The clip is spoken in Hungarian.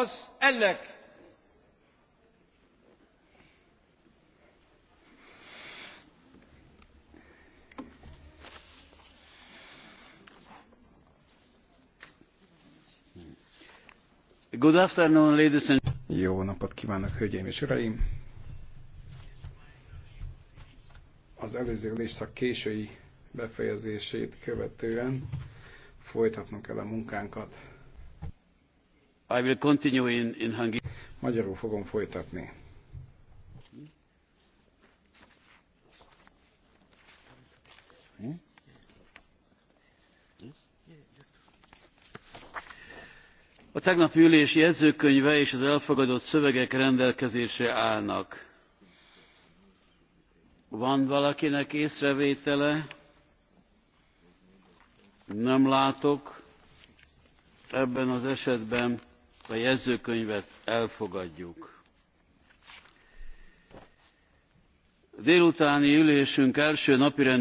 az ennek Good afternoon, ladies and Jó napot kívánok, hölgyeim és uraim! Az előző ülésszak késői befejezését követően folytatnunk kell a munkánkat. I will continue in, in Hungary. Magyarul fogom folytatni. Hm? A tegnapi ülés jegyzőkönyve és az elfogadott szövegek rendelkezésre állnak. Van valakinek észrevétele? Nem látok. Ebben az esetben a jegyzőkönyvet elfogadjuk. a délutáni ülésünk első napirendi pontja